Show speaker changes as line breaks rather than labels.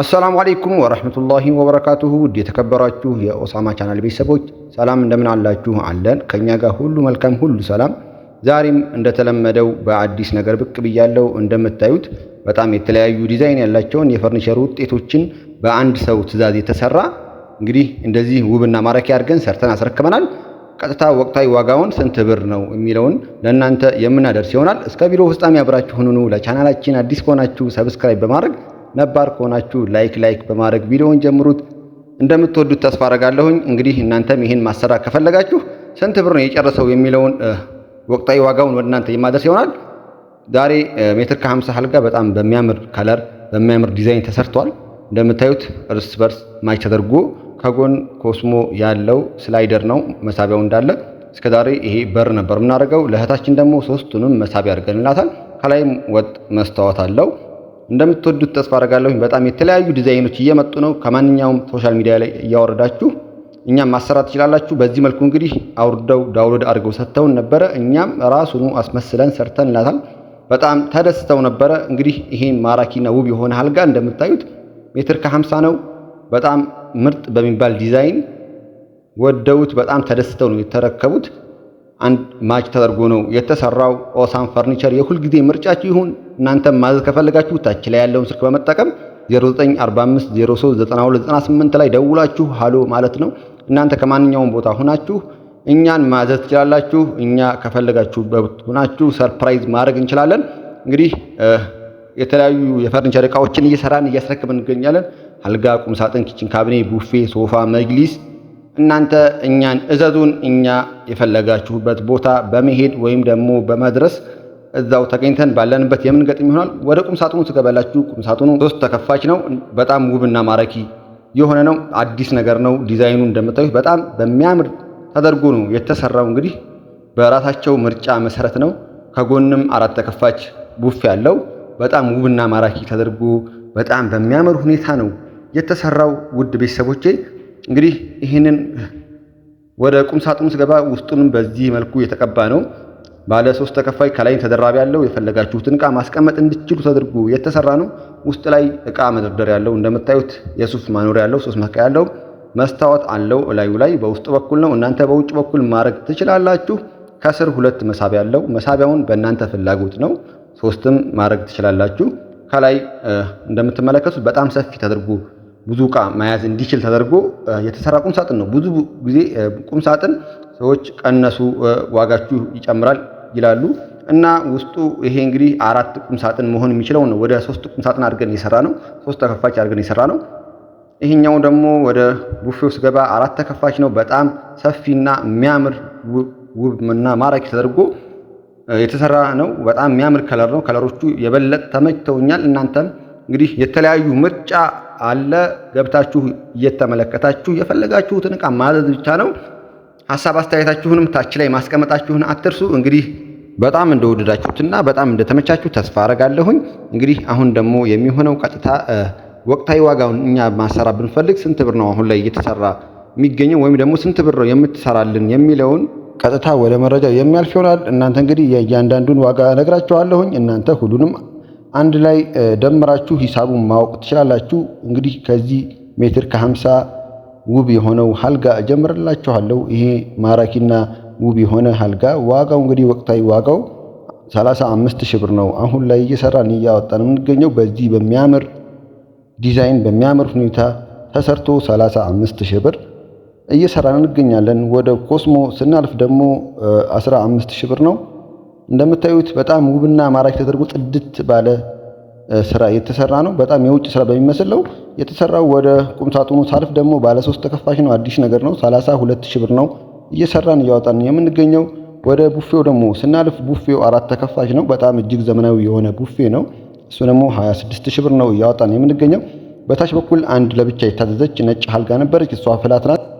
አሰላሙ አሌይኩም ወረህመቱላሂ ወበረካቱሁ ውድ የተከበራችሁ የኦሳማ ቻናል ቤተሰቦች ሰላም እንደምን አላችሁ? አለን ከእኛ ጋር ሁሉ መልካም፣ ሁሉ ሰላም። ዛሬም እንደተለመደው በአዲስ ነገር ብቅ ብያለው። እንደምታዩት በጣም የተለያዩ ዲዛይን ያላቸውን የፈርኒቸር ውጤቶችን በአንድ ሰው ትዕዛዝ የተሰራ እንግዲህ እንደዚህ ውብና ማራኪ አድርገን ሰርተን አስረክበናል። ቀጥታ ወቅታዊ ዋጋውን ስንት ብር ነው የሚለውን ለእናንተ የምናደርስ ይሆናል። እስከ ቪዲዮ ፍጻሜ አብራችሁ ሁኑኑ። ለቻናላችን አዲስ ከሆናችሁ ሰብስክራይብ በማድረግ ነባር ከሆናችሁ ላይክ ላይክ በማድረግ ቪዲዮውን ጀምሩት። እንደምትወዱት ተስፋ አረጋለሁኝ። እንግዲህ እናንተም ይህን ማሰራት ከፈለጋችሁ ስንት ብር ነው የጨረሰው የሚለውን ወቅታዊ ዋጋውን ወደ እናንተ የማድረስ ይሆናል። ዛሬ ሜትር ከ50 አልጋ በጣም በሚያምር ከለር በሚያምር ዲዛይን ተሰርቷል። እንደምታዩት እርስ በርስ ማች ተደርጎ ከጎን ኮስሞ ያለው ስላይደር ነው መሳቢያው እንዳለ። እስከ ዛሬ ይሄ በር ነበር የምናደርገው። ለእህታችን ደግሞ ሶስቱንም መሳቢያ አድርገንላታል። ከላይም ወጥ መስታወት አለው። እንደምትወዱት ተስፋ አደርጋለሁ። በጣም የተለያዩ ዲዛይኖች እየመጡ ነው። ከማንኛውም ሶሻል ሚዲያ ላይ እያወረዳችሁ እኛም ማሰራት ትችላላችሁ። በዚህ መልኩ እንግዲህ አውርደው ዳውንሎድ አድርገው ሰጥተውን ነበረ። እኛም ራሱኑ አስመስለን ሰርተንላታል። በጣም ተደስተው ነበረ። እንግዲህ ይሄን ማራኪና ውብ የሆነ አልጋ እንደምታዩት ሜትር ከ50 ነው። በጣም ምርጥ በሚባል ዲዛይን ወደውት በጣም ተደስተው ነው የተረከቡት። አንድ ማች ተደርጎ ነው የተሰራው። ኦሳም ፈርኒቸር ጊዜ ምርጫችሁ ይሁን። እናንተም ማዘዝ ከፈለጋችሁ ታች ላይ ያለውን ስልክ በመጠቀም 0945039298 ላይ ደውላችሁ ሃሎ ማለት ነው። እናንተ ከማንኛውም ቦታ ሁናችሁ እኛን ማዘዝ ትችላላችሁ። እኛ ከፈልጋችሁ ሁናችሁ ሰርፕራይዝ ማድረግ እንችላለን። እንግዲህ የተለያዩ የፈርኒቸር እቃዎችን እየሰራን እያስረክብን እንገኛለን። አልጋ፣ ቁምሳጥን፣ ኪችን ካቢኔ፣ ቡፌ፣ ሶፋ፣ መጅሊስ እናንተ እኛን እዘዙን፣ እኛ የፈለጋችሁበት ቦታ በመሄድ ወይም ደግሞ በመድረስ እዛው ተገኝተን ባለንበት የምንገጥም ይሆናል። ወደ ቁም ሳጥኑ ትገባላችሁ። ቁም ሳጥኑ ሶስት ተከፋች ነው። በጣም ውብና ማራኪ የሆነ ነው። አዲስ ነገር ነው። ዲዛይኑ እንደምታዩት በጣም በሚያምር ተደርጎ ነው የተሰራው። እንግዲህ በራሳቸው ምርጫ መሰረት ነው። ከጎንም አራት ተከፋች ቡፌ ያለው በጣም ውብና ማራኪ ተደርጎ በጣም በሚያምር ሁኔታ ነው የተሰራው። ውድ ቤተሰቦቼ እንግዲህ ይህንን ወደ ቁም ሳጥኑ ስገባ ውስጡንም በዚህ መልኩ የተቀባ ነው። ባለ ሶስት ተከፋይ ከላይ ተደራቢ ያለው የፈለጋችሁትን እቃ ማስቀመጥ እንዲችሉ ተደርጎ የተሰራ ነው። ውስጥ ላይ እቃ መደርደር ያለው እንደምታዩት የሱፍ ማኖሪያ ያለው ሶስት መስቀያ ያለው መስታወት አለው። እላዩ ላይ በውስጥ በኩል ነው። እናንተ በውጭ በኩል ማድረግ ትችላላችሁ። ከስር ሁለት መሳቢያ ያለው መሳቢያውን በእናንተ ፍላጎት ነው። ሶስትም ማድረግ ትችላላችሁ። ከላይ እንደምትመለከቱት በጣም ሰፊ ተደርጎ ብዙ እቃ መያዝ እንዲችል ተደርጎ የተሰራ ቁም ሳጥን ነው። ብዙ ጊዜ ቁም ሳጥን ሰዎች ቀነሱ፣ ዋጋችሁ ይጨምራል ይላሉ እና ውስጡ ይሄ እንግዲህ አራት ቁም ሳጥን መሆን የሚችለው ነው። ወደ ሶስት ቁም ሳጥን አድርገን የሰራ ነው። ሶስት ተከፋች አድርገን የሰራ ነው። ይሄኛው ደግሞ ወደ ቡፌው ስገባ አራት ተከፋች ነው። በጣም ሰፊና የሚያምር እና ማራኪ ተደርጎ የተሰራ ነው። በጣም የሚያምር ከለር ነው። ከለሮቹ የበለጠ ተመችተውኛል። እናንተም እንግዲህ የተለያዩ ምርጫ አለ። ገብታችሁ እየተመለከታችሁ የፈለጋችሁትን እቃ ማዘዝ ብቻ ነው። ሀሳብ አስተያየታችሁንም ታች ላይ ማስቀመጣችሁን አትርሱ። እንግዲህ በጣም እንደወደዳችሁትና በጣም እንደተመቻችሁ ተስፋ አረጋለሁኝ። እንግዲህ አሁን ደግሞ የሚሆነው ቀጥታ ወቅታዊ ዋጋውን እኛ ማሰራ ብንፈልግ ስንት ብር ነው አሁን ላይ እየተሰራ የሚገኘው ወይም ደግሞ ስንት ብር ነው የምትሰራልን የሚለውን ቀጥታ ወደ መረጃው የሚያልፍ ይሆናል። እናንተ እንግዲህ የእያንዳንዱን ዋጋ ነግራችኋለሁኝ። እናንተ ሁሉንም አንድ ላይ ደምራችሁ ሂሳቡን ማወቅ ትችላላችሁ። እንግዲህ ከዚህ ሜትር ከሀምሳ ውብ የሆነው ሀልጋ እጀምርላችኋለሁ። ይሄ ማራኪና ውብ የሆነ ሀልጋ ዋጋው እንግዲህ ወቅታዊ ዋጋው 35 ሺህ ብር ነው። አሁን ላይ እየሰራን እያወጣን የምንገኘው በዚህ በሚያምር ዲዛይን በሚያምር ሁኔታ ተሰርቶ 35 ሺህ ብር እየሰራን እንገኛለን። ወደ ኮስሞ ስናልፍ ደግሞ 15 ሺህ ብር ነው። እንደምታዩት በጣም ውብና ማራኪ ተደርጎ ጽድት ባለ ስራ የተሰራ ነው። በጣም የውጭ ስራ በሚመስለው የተሰራው። ወደ ቁምሳጥኑ ሳልፍ ደግሞ ባለ ሶስት ተከፋሽ ነው። አዲስ ነገር ነው። ሰላሳ ሁለት ሺህ ብር ነው እየሰራን እያወጣን የምንገኘው። ወደ ቡፌው ደግሞ ስናልፍ ቡፌው አራት ተከፋሽ ነው። በጣም እጅግ ዘመናዊ የሆነ ቡፌ ነው። እሱ ደግሞ 26 ሺህ ብር ነው እያወጣን የምንገኘው። በታች በኩል አንድ ለብቻ የታዘዘች ነጭ አልጋ ነበረች። እሷ ፍላት ናት።